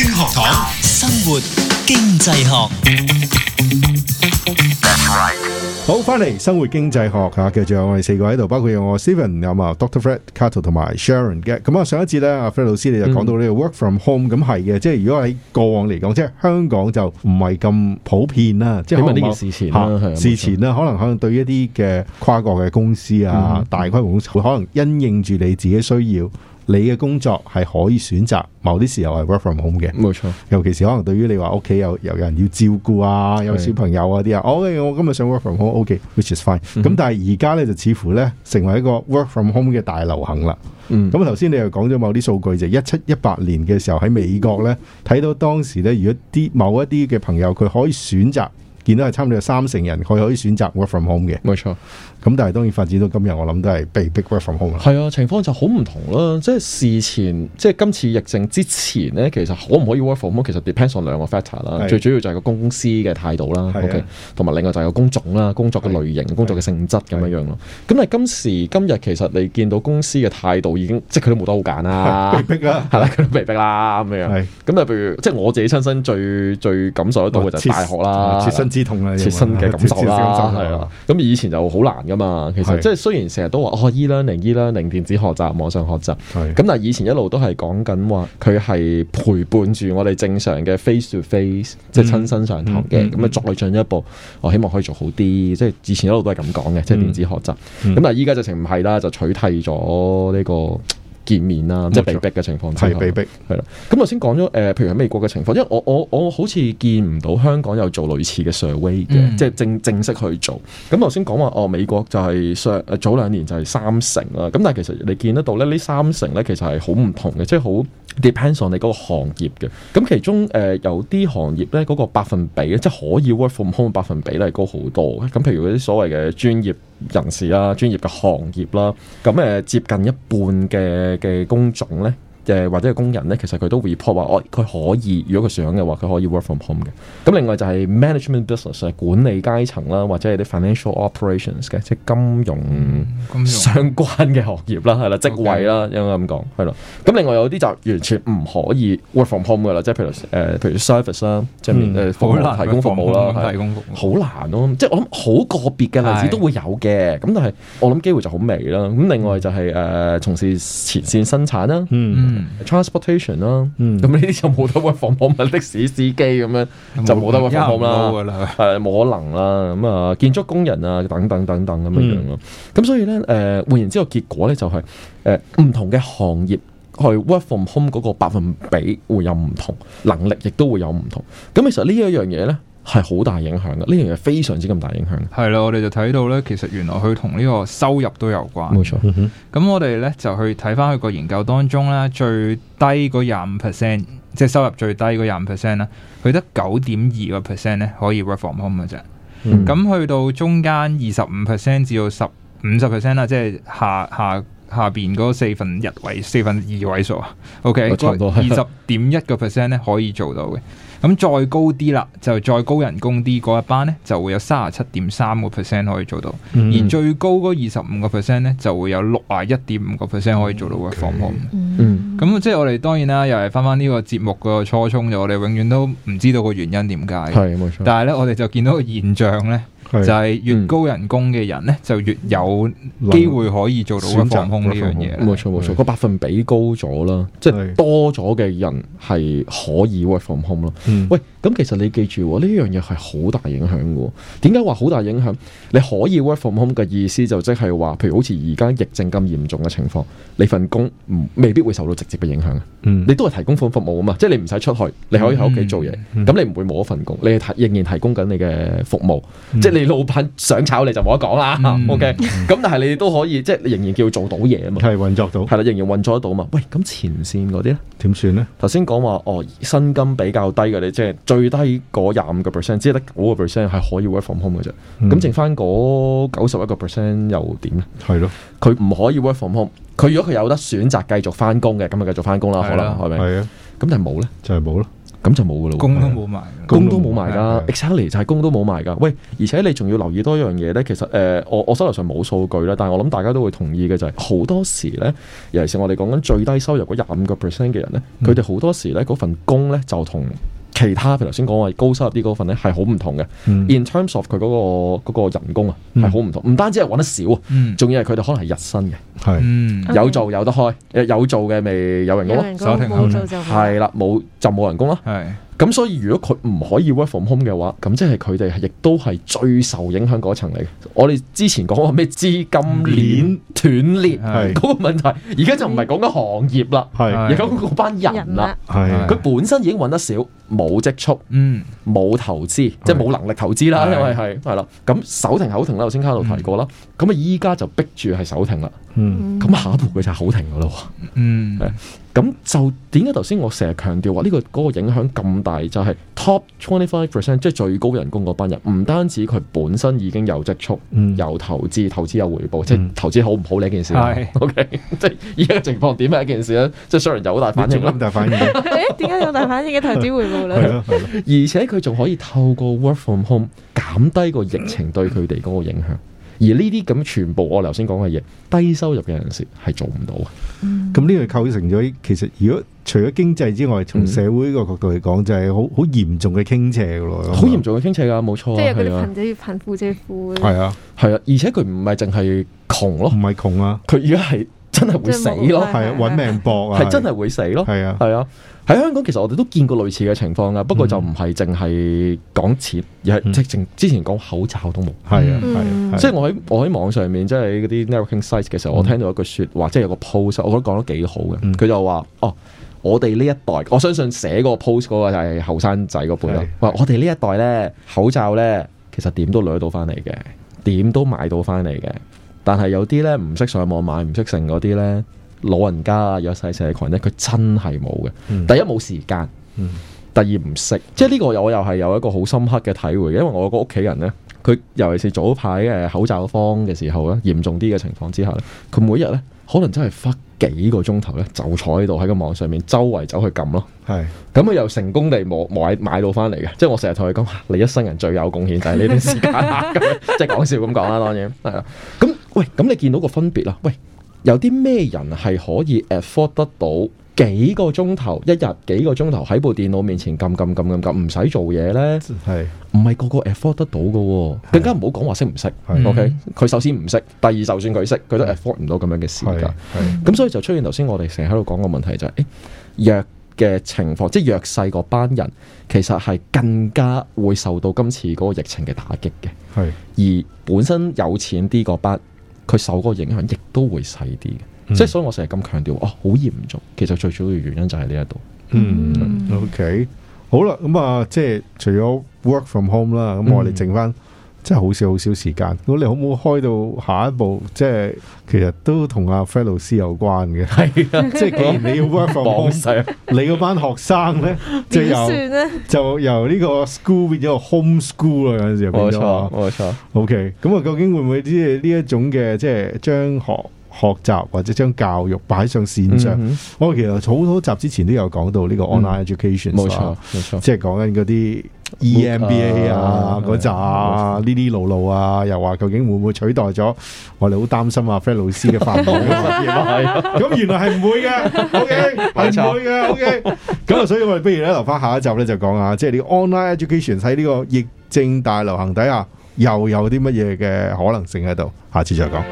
精學堂生活經濟學，好翻嚟生活經濟學，嚇，繼續有我哋四個喺度，包括有我 Stephen 啊嘛，Doctor、啊、Fred Cattle 同埋 Sharon 嘅。咁啊，上一節咧，阿 Fred 老師你就講到呢個 work from home，咁係嘅，即係如果喺過往嚟講，即係香港就唔係咁普遍啦，即係可能呢件事前啦，啊、事前呢可能可能對一啲嘅跨國嘅公司啊，嗯、大規模公司，會可能因應住你自己需要。你嘅工作係可以選擇某啲時候係 work from home 嘅，冇錯。尤其是可能對於你話屋企有有人要照顧啊，有小朋友啊啲啊，我的、哦 okay，我今日想 work from home，OK，which、okay, is fine。咁、嗯、哼但係而家呢，就似乎呢成為一個 work from home 嘅大流行啦。咁啊頭先你又講咗某啲數據，就一七一八年嘅時候喺美國呢，睇到當時呢，如果啲某一啲嘅朋友佢可以選擇。見到係差唔多有三成人，佢可以選擇 work from home 嘅。冇錯，咁但係當然發展到今日，我諗都係被逼 work from home 啦。係啊，情況就好唔同啦，即係事前，即係今次疫情之前咧，其實可唔可以 work from home 其實 depends on 兩個 factor 啦，最主要就係個公司嘅態度啦，OK，同埋另外就係個工種啦、工作嘅類型、工作嘅性質咁樣樣咯。咁但係今時今日其實你見到公司嘅態度已經，即係佢都冇得好揀啦，被逼啦，係啦，佢都被逼啦咁樣。係咁啊，譬如即係我自己親身最最感受得到嘅就係大學啦，啲痛切身嘅感受啦，係啊，咁吧以前就好難噶嘛。其實即係是雖然成日都話哦，依啦零依啦零,零,零,零,零,零電子學習、網上學習，咁是但係以前一路都係講緊話佢係陪伴住我哋正常嘅 face to face、嗯、即係親身上堂嘅。咁啊、嗯，嗯、再進一步，我、哦、希望可以做好啲。即係、嗯嗯、以前一路都係咁講嘅，即係電子學習。咁、嗯嗯、但係依家直情唔係啦，就取締咗呢個。見面啦，冇錯，即係被逼嘅情況，係被逼係啦。咁頭先講咗誒，譬如喺美國嘅情況，因為我我我好似見唔到香港有做類似嘅 survey 嘅、嗯，即係正正式去做。咁頭先講話哦，美國就係、是、早兩年就係三成啦。咁但係其實你見得到咧，呢三成咧其實係好唔同嘅，即、就、係、是、好 depends on 你嗰個行業嘅。咁其中誒、呃、有啲行業咧嗰個百分比，即、就、係、是、可以 work from home 百分比，係高好多。咁譬如嗰啲所謂嘅專業。人士啦，專業嘅行業啦，咁誒接近一半嘅嘅工種咧。或者係工人咧，其實佢都 report 話，哦，佢可以，如果佢想嘅話，佢可以 work from home 嘅。咁另外就係 management business，係管理階層啦，或者係啲 financial operations 嘅，即係金融相關嘅行業啦，係啦融職位啦，應該咁講係啦。咁另外有啲就完全唔可以 work from home 嘅啦，即係譬如誒、呃，譬如 service 啦，即係誒服務難提供服務啦，係好難咯、啊，即係我諗好個別嘅例子都會有嘅。咁但係我諗機會就好微啦。咁另外就係、是、誒、呃、從事前線生產啦。嗯嗯 transportation 啦，咁呢啲就冇得 work f r 問的士司機咁樣就冇得 work f 啦，係冇、啊、可能啦。咁啊，建築工人啊，等等等等咁樣樣咯。咁、嗯、所以咧，誒、呃，換然之後結果咧就係、是，誒、呃，唔同嘅行業去 work from home 嗰個百分比會有唔同，能力亦都會有唔同。咁其實呢一樣嘢咧。係好大影響嘅，呢樣嘢非常之咁大影響。係啦，我哋就睇到咧，其實原來佢同呢個收入都有關。冇錯，咁我哋咧就去睇翻佢個研究當中啦。最低嗰廿五 percent，即係收入最低嗰廿五 percent 啦，佢得九點二個 percent 咧可以 work from home 嘅啫。咁去到中間二十五 percent 至到十五十 percent 啦，即係下下。下下邊嗰四分一位、四分二位數啊，OK，二十點一個 percent 咧可以做到嘅。咁再高啲啦，就再高人工啲，嗰一班咧就會有三十七點三個 percent 可以做到。嗯嗯，而最高嗰二十五個 percent 咧，就會有六啊一點五個 percent 可以做到嘅。from home，OK。嗯，咁即係我哋當然啦，又係翻翻呢個節目嗰個初衷，就我哋永遠都唔知道個原因點解嘅。係，冇錯。但係咧，我哋就見到個現象咧。 就係越高人工嘅人咧，就越有機會可以做到 work from home 呢樣嘢。冇錯冇錯，錯個百分比高咗啦，即係是 多咗嘅人係可以 work from home 咯。嗯、喂，咁其實你記住呢樣嘢係好大影響嘅。點解話好大影響？你可以 work from home 嘅意思就即係話，譬如好似而家疫症咁嚴重嘅情況，你份工未必會受到直接嘅影響。嗯、你都係提供款服務啊嘛，即、就、係、是、你唔使出去，你可以喺屋企做嘢，咁、嗯嗯、你唔會冇一份工，你仍然提供緊你嘅服務，即你老闆想炒你就冇得講啦，OK？咁但係你都可以，即係仍然叫做到嘢啊嘛，係運作到，係啦，仍然運作得到嘛。喂，咁前線嗰啲咧，點算咧？頭先講話哦，薪金比較低嘅你，即係最低嗰廿五個 percent，只係得九個 percent 係可以 work from home 嘅啫。咁剩翻嗰九十一個 percent 又點咧？係咯，佢唔可以 work from home。佢如果佢有得選擇繼續翻工嘅，咁咪繼續翻工啦，可能係咪？係啊。咁但係冇咧，就係冇咯。咁就冇噶咯，工都冇埋，對工都冇埋噶。對對對 exactly 就係工都冇埋噶。喂，而且你仲要留意多一樣嘢咧，其實誒、呃，我我手頭上冇數據啦，但係我諗大家都會同意嘅就係、是、好多時咧，尤其是我哋講緊最低收入嗰廿五個 percent 嘅人咧，佢哋好多時咧嗰份工咧就同。其他譬如頭先講話高收入啲嗰份咧係好唔同嘅，in terms of 佢嗰個嗰個人工啊係好唔同，唔單止係揾得少啊，仲要係佢哋可能係日薪嘅，係有做有得開，有做嘅咪有人工，冇做就係啦，冇就冇人工啦。咁，所以如果佢唔可以 work from home 嘅話，咁即係佢哋亦都係最受影響嗰層嚟。我哋之前講話咩資金鏈斷裂嗰個問題，而家就唔係講緊行業啦，係講嗰班人啦，佢本身已經揾得少。冇積蓄，嗯，冇投資，即係冇能力投資啦，因為係係啦，咁手停口停啦，頭先卡度提過啦，咁啊依家就逼住係手停啦，咁下一步佢就係口停噶啦喎，嗯，咁就點解頭先我成日強調話呢個嗰個影響咁大就係 top twenty five percent，即係最高人工嗰班人，唔單止佢本身已經有積蓄，有投資，投資有回報，即係投資好唔好呢一件事，OK，即係依家情況點呢一件事咧，即係雖然有好大反應啦，咁大反應，誒，點解有大反應嘅投資回報？係 而且佢仲可以透過 work from home 減低個疫情對佢哋嗰個影響，而呢啲咁全部我頭先講嘅嘢，低收入嘅人士係做唔到嘅。咁呢個構成咗，其實如果除咗經濟之外，從社會個角度嚟講，嗯、就係好好嚴重嘅傾斜好嚴、嗯、重嘅傾斜噶，冇錯。即係嗰啲貧者越貧，富者富。係啊，係啊，而且佢唔係淨係窮咯，唔係窮啊，佢而家係。真係會死咯，係搵命搏啊！係真係會死咯，係啊，係啊！喺香港其實我哋都見過類似嘅情況啦，不過就唔係淨係講錢，嗯、而係即係之前講口罩都冇，係、嗯、啊，係啊。所以我喺我喺網上面，即、就、係、是、嗰啲 networking Sites 嘅時候，嗯、我聽到一句說話，即係有個 post，我覺得講得幾好嘅。佢就話：哦、嗯啊，我哋呢一代，我相信寫個 post 嗰個就係後生仔嗰輩啦。喂是，我哋呢一代咧，口罩咧，其實點都攞到翻嚟嘅，點都買到翻嚟嘅。但係有啲咧唔識上網買唔識成嗰啲咧老人家啊 qu 有細社群咧佢真係冇嘅。第一冇時間，嗯、第二唔識。即係呢個我又係有一個好深刻嘅體會，因為我個屋企人咧，佢尤其是早排誒口罩荒嘅時候咧，嚴重啲嘅情況之下咧，佢每日咧可能真係花幾個鐘頭咧就坐喺度喺個網上面周圍走去撳咯是。係咁佢又成功地冇買買,買到翻嚟嘅。即係我成日同佢講，你一生人最有貢獻就係呢啲時間。咁即係講笑咁講啦，當然係啦。咁喂，咁你見到個分別啦？喂，有啲咩人係可以 afford 得到幾個鐘頭、一日幾個鐘頭喺部電腦面前撳撳撳撳撳，唔使做嘢咧？係唔係個個 afford 得到嘅，哦？是更加唔好講話識唔識？OK，佢、嗯、首先唔識，第二就算佢識，佢是都 afford 唔到咁樣嘅時間。係咁，所以就出現頭先我哋成日喺度講個問題就係、是：誒、哎，弱嘅情況，即係弱勢班人，其實係更加會受到今次嗰個疫情嘅打擊嘅。係是而本身有錢啲嗰班。佢受嗰個影響亦都會細啲嘅，即係、嗯、所以我成日咁強調哦，好嚴重。其實最主要嘅原因就係呢一度。嗯，OK，好啦，咁啊，即係除咗 work from home 啦、嗯，咁我哋剩翻。真係好少好少時間，咁你好冇開到下一步？即係其實都同阿 p 老 i 有關嘅，係啦，即係你要 work from, 你嗰班學生咧，即係 怎樣 由呢 個 school 變咗個 home school 啦。嗰陣時冇錯冇錯。O K，咁啊，okay，究竟會唔會啲呢一種嘅，即係將學學習或者將教育擺上線上？嗯、哼我其實好多集之前都有講到呢個 online education，冇錯冇錯，即係講緊嗰啲。錯 E M B A 啊，嗰啊，呢啲路路啊，又話究竟會唔會取代咗我哋好擔心啊，f 菲老師嘅飯局咁，原來係唔會嘅，OK 係唔會嘅 ，OK 咁啊， 所以我哋不如咧留翻下，下一集咧就講下，即、就、係、是、你個 online education 喺呢個疫症大流行底下又有啲乜嘢嘅可能性喺度，下次再講。